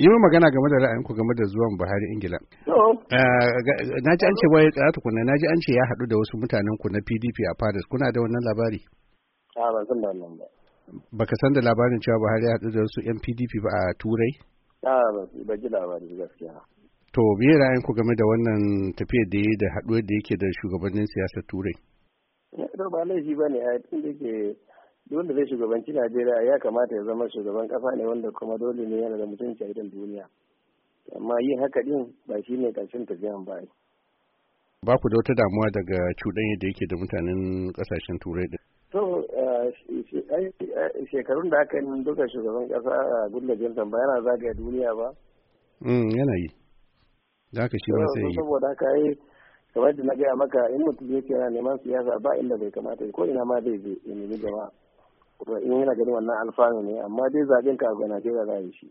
yi magana game da ra'ayinku game da zuwan buhari ingila eh, na ji an ce wai tsaya tukuna na ji an ce ya haɗu da wasu mutanen ku na pdp a paris kuna da wannan labari ah, ba baka san da labarin cewa buhari ya haɗu da wasu yan pdp ba a turai ah, ba ji labari gaskiya to me ra'ayinku game da wannan tafiyar da yi da haɗuwar da yake da shugabannin siyasar turai eh, ba laifi ba ne a yadda duk wanda zai shugabanci najeriya ya kamata ya zama shugaban kasa ne wanda kuma dole ne yana da mutunci a idan duniya amma yin haka din ba shi ne ƙarshen tafiyan ba ba ku da wata damuwa daga cuɗanya da yake da mutanen ƙasashen turai da. to eh, eh, shekarun da aka yi duka shugaban ƙasa a gudunar johnson ba yana zagaya duniya ba mm, yana yi da aka shi ma sai yi saboda haka yi kamar da na gaya maka in mutum yake yana neman siyasa ba inda bai kamata ko ina ma zai je in nemi jama'a kuma in yana ganin wannan alfanu ne amma dai zaben ka a Najeriya za a yi shi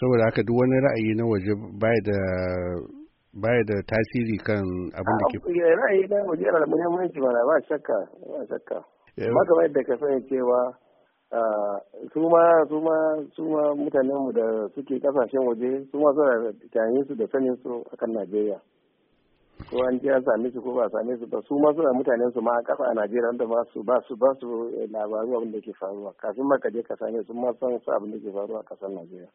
saboda haka duk wani ra'ayi na waje baya da baya da tasiri kan abin da ke eh, ra'ayi na waje yana da muhimmanci mana ba shakka ba shakka ba eh, kamar yadda ka sani cewa su ma su ma su ma mutanen mu da suke kasashen waje su ma suna tunanin su da sanin su akan Najeriya ko an ji an same su ko ba same su ba su ma suna mutanen su ma a kafa a Najeriya wanda ba su ba su ba su labaru abin ke faruwa kafin ma ka je ka same su ma san su abin da ke faruwa a kasar Najeriya